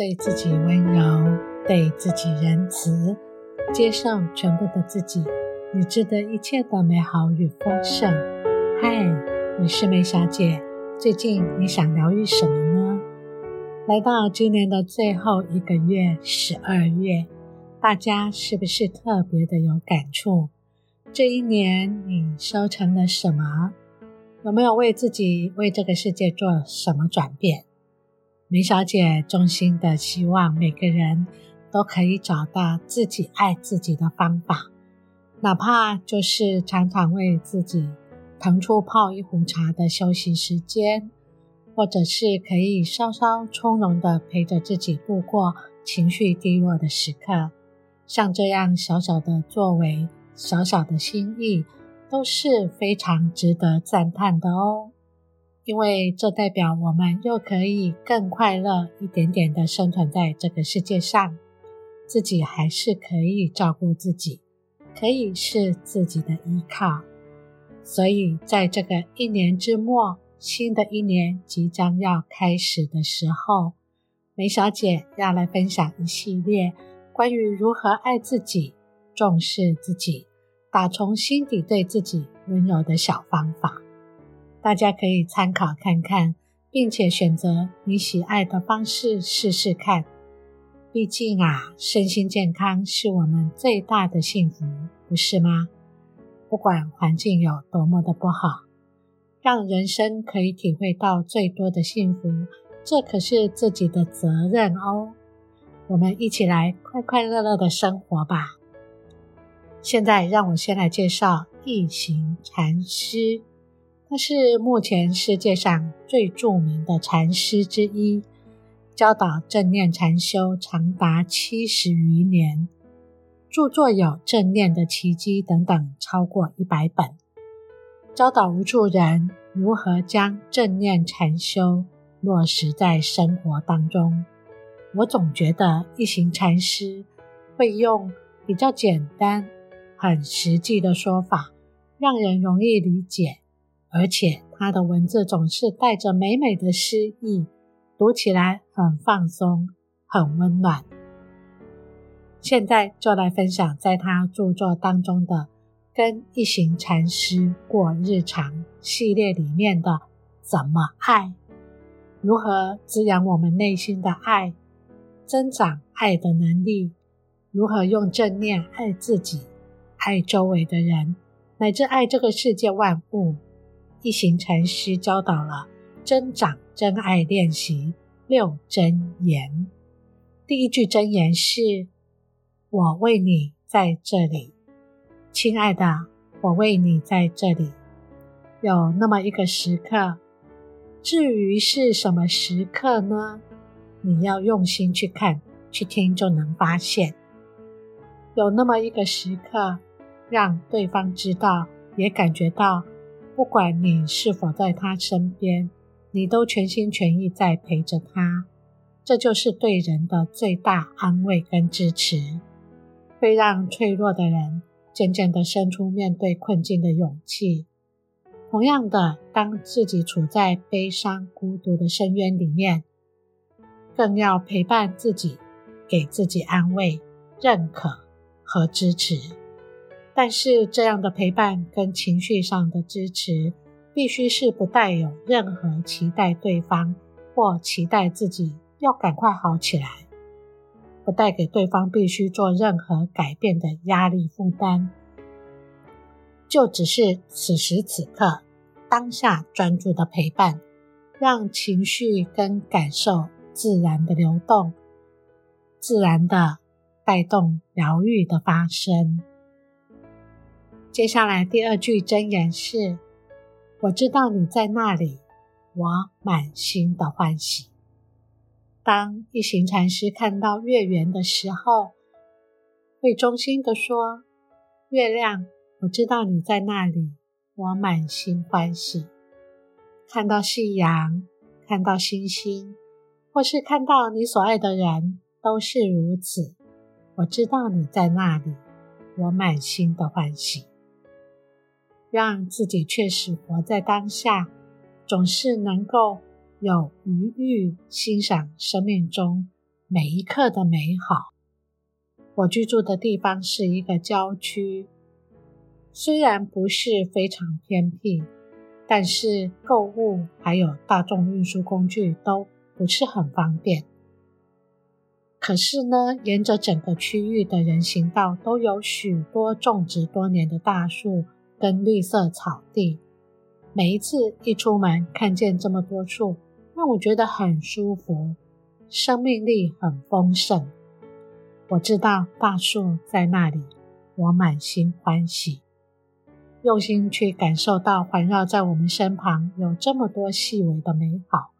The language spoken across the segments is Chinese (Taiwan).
對自己溫柔，對自己仁慈，接受全部的自己，你值得一切的美好與豐盛。嗨，你是梅小姐，最近你想療癒什麼呢？來到今年的最後一個月，十二月，大家是不是特別的有感觸？這一年你收成了什麼？有沒有為自己、為這個世界做什麼轉變？梅小姐衷心的希望每個人都可以找到自己愛自己的方法，哪怕就是常常為自己騰出泡一壺茶的休息時間，或者是可以稍稍從容的陪着自己度過情緒低落的時刻，像這樣小小的作為、小小的心意，都是非常值得讚嘆的哦。因為這代表我們又可以更快樂一點點的生存在這個世界上，自己還是可以照顧自己，可以是自己的依靠。所以，在這個一年之末，新的一年即將要開始的時候，梅小姐要來分享一系列關於如何愛自己、重視自己、打從心底對自己溫柔的小方法。大家可以參考看看，並且選擇你喜愛的方式試試看。畢竟啊，身心健康是我們最大的幸福，不是嗎？不管環境有多麼的不好，讓人生可以體會到最多的幸福，這可是自己的責任哦。我們一起來快快樂樂的生活吧。現在讓我先來介紹一行禪師。他是目前世界上最著名的禪師之一，教導正念禪修長達七十餘年，著作有《正念的奇蹟》等等，超過一百本。教導無數人如何將正念禪修落實在生活當中。我總覺得一行禪師會用比較簡單、很實際的說法，讓人容易理解。而且他的文字總是帶着美美的詩意，讀起來很放鬆，很溫暖。現在就來分享在他著作當中的《跟一行禪師過日常》系列裡面的“怎麼愛”，如何滋養我們內心的愛，增長愛的能力，如何用正念愛自己、愛周圍的人，乃至愛這個世界萬物。一行禪師教導了增長真愛練習六真言。第一句真言是：“我為你在這裡，親愛的，我為你在這裡。”有那麼一個時刻，至於是什麼時刻呢？你要用心去看、去聽，就能發現。有那麼一個時刻，讓對方知道，也感覺到。不管你是否在他身邊，你都全心全意在陪着他，這就是對人的最大安慰跟支持，會讓脆弱的人漸漸地生出面對困境的勇氣。同樣的，當自己處在悲傷、孤獨的深淵裡面，更要陪伴自己，給自己安慰、認可和支持。但是，這樣的陪伴跟情緒上的支持，必須是不帶有任何期待對方或期待自己要趕快好起來，不帶給對方必須做任何改變的壓力負擔，就只是此時此刻，當下專注的陪伴，讓情緒跟感受自然的流動，自然的帶動療癒的發生。接下來第二句真言是：“我知道你在那裡，我滿心的歡喜。”當一行禪師看到月圓的時候，會衷心的說：“月亮，我知道你在那裡，我滿心歡喜。”看到夕陽，看到星星，或是看到你所愛的人，都是如此。我知道你在那裡，我滿心的歡喜。讓自己確實活在當下，總是能夠有餘裕欣賞生命中每一刻的美好。我居住的地方是一個郊區，雖然不是非常偏僻，但是購物還有大眾運輸工具都不是很方便。可是呢，沿着整個區域的人行道都有許多種植多年的大樹。跟綠色草地，每一次一出門看見這麼多樹，讓我覺得很舒服，生命力很豐盛。我知道大樹在那裡，我滿心歡喜，用心去感受到環繞在我們身旁有這麼多細微的美好，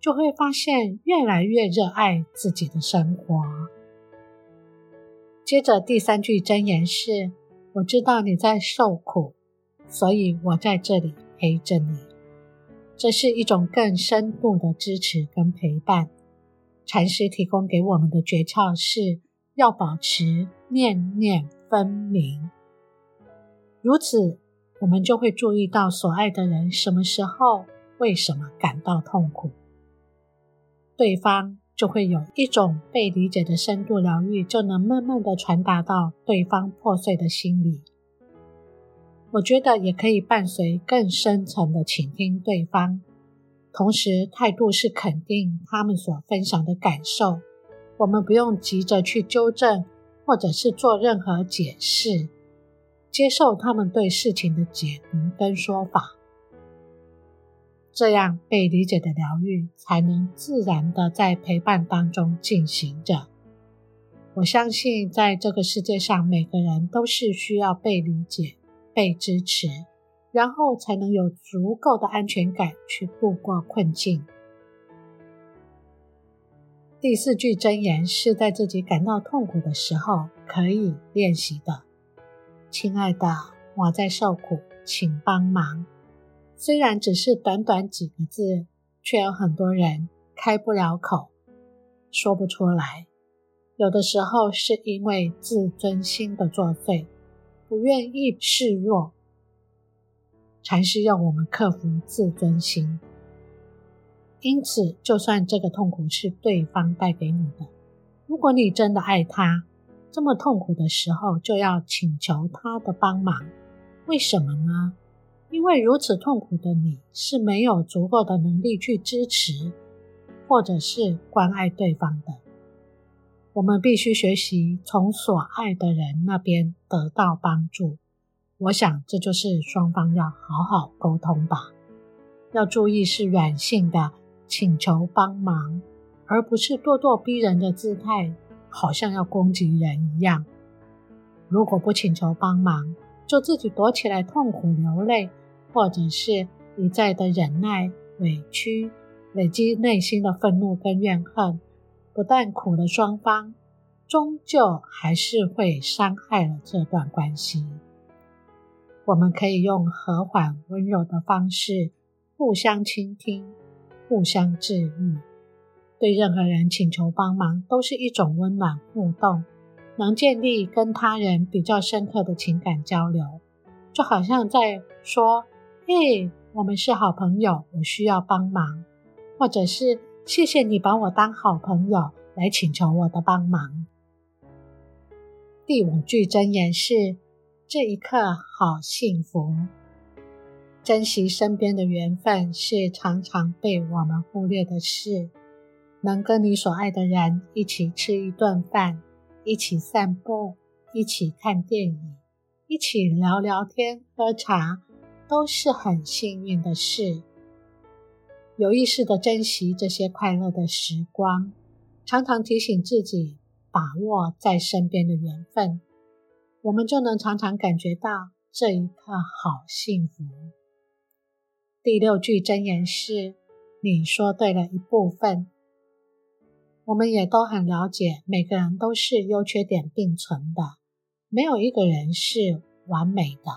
就會發現越來越熱愛自己的生活。接着第三句真言是：我知道你在受苦。所以我在這裡陪着你，這是一種更深度的支持跟陪伴。禪師提供給我們的訣竅是，要保持念念分明，如此我們就會注意到所愛的人什麼時候、為什麼感到痛苦，對方就會有一種被理解的深度療癒，就能慢慢的傳達到對方破碎的心裡。我覺得也可以伴隨更深層的傾聽對方，同時態度是肯定他們所分享的感受。我們不用急着去糾正，或者是做任何解釋，接受他們對事情的解讀跟說法。這樣被理解的療癒才能自然的在陪伴當中進行着。我相信在這個世界上，每個人都是需要被理解，被支持，然後才能有足夠的安全感去度過困境。第四句真言是在自己感到痛苦的時候可以練習的：“親愛的，我在受苦，請幫忙。”雖然只是短短幾個字，卻有很多人開不了口，說不出來。有的時候是因為自尊心的作祟。不願意示弱，才是要我們克服自尊心。因此，就算這個痛苦是對方帶給你的，如果你真的愛他，這麼痛苦的時候就要請求他的幫忙。為什麼呢？因為如此痛苦的你是沒有足夠的能力去支持，或者是關愛對方的。我們必須學習從所愛的人那邊得到幫助。我想這就是雙方要好好溝通吧。要注意是軟性的請求幫忙，而不是咄咄逼人的姿態，好像要攻擊人一樣。如果不請求幫忙，就自己躲起來痛苦流淚，或者是一再的忍耐、委屈，累積內心的憤怒跟怨恨。不但苦了雙方，終究還是會傷害了這段關係。我們可以用和緩、溫柔的方式，互相傾聽，互相治癒。對任何人請求幫忙，都是一種溫暖互動，能建立跟他人比較深刻的情感交流。就好像在說：“嘿，我們是好朋友，我需要幫忙。”或者是。謝謝你把我當好朋友來請求我的幫忙。第五句箴言是：這一刻好幸福，珍惜身邊的緣分是常常被我們忽略的事。能跟你所愛的人一起吃一頓飯，一起散步，一起看電影，一起聊聊天、喝茶，都是很幸運的事。有意識的珍惜這些快樂的時光，常常提醒自己把握在身邊的緣分，我們就能常常感覺到這一刻好幸福。第六句箴言是：你說對了一部分，我們也都很了解，每個人都是優缺點並存的，沒有一個人是完美的，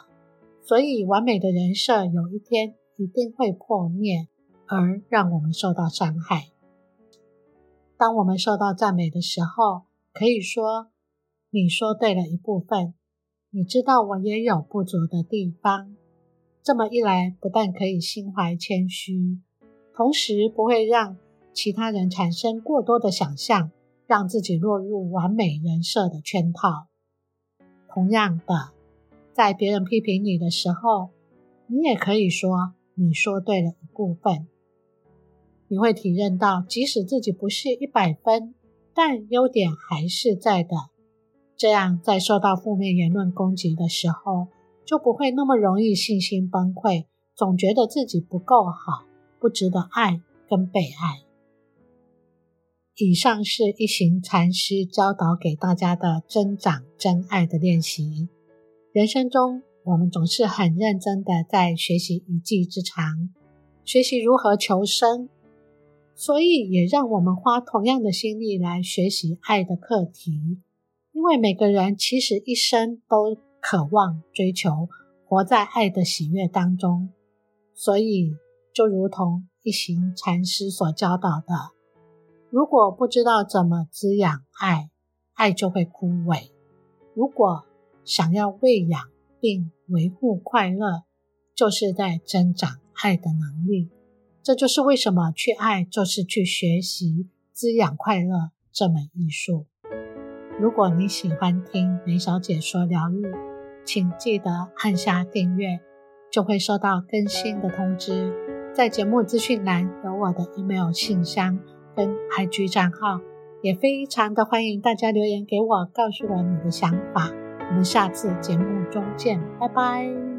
所以完美的人設有一天一定會破滅。而讓我們受到傷害。當我們受到讚美的時候，可以說：“你說對了一部分，你知道我也有不足的地方。”這麼一來，不但可以心懷謙虛，同時不會讓其他人產生過多的想象，讓自己落入完美人設的圈套。同樣的，在別人批評你的時候，你也可以說：“你說對了一部分。”你會體認到，即使自己不是一百分，但優點還是在的。這樣，在受到負面言論攻擊的時候，就不會那麼容易信心崩潰，總覺得自己不夠好，不值得愛跟被愛。以上是一行禪師教導給大家的增長真愛的練習。人生中，我們總是很認真的在學習一技之長，學習如何求生，所以，也讓我們花同樣的心力來學習愛的課題，因為每個人其實一生都渴望追求活在愛的喜悅當中。所以，就如同一行禪師所教導的，如果不知道怎麼滋養愛，愛就會枯萎；如果想要餵養並維護快樂，就是在增長愛的能力。這就是為什麼去愛就是去學習滋養快樂這門藝術。如果你喜歡聽梅小姐說療癒，請記得按下訂閱，就會收到更新的通知。在節目資訊欄有我的 email 信箱跟 IG 賬號，也非常的歡迎大家留言給我，告訴我你的想法。我們下次節目中見，拜拜。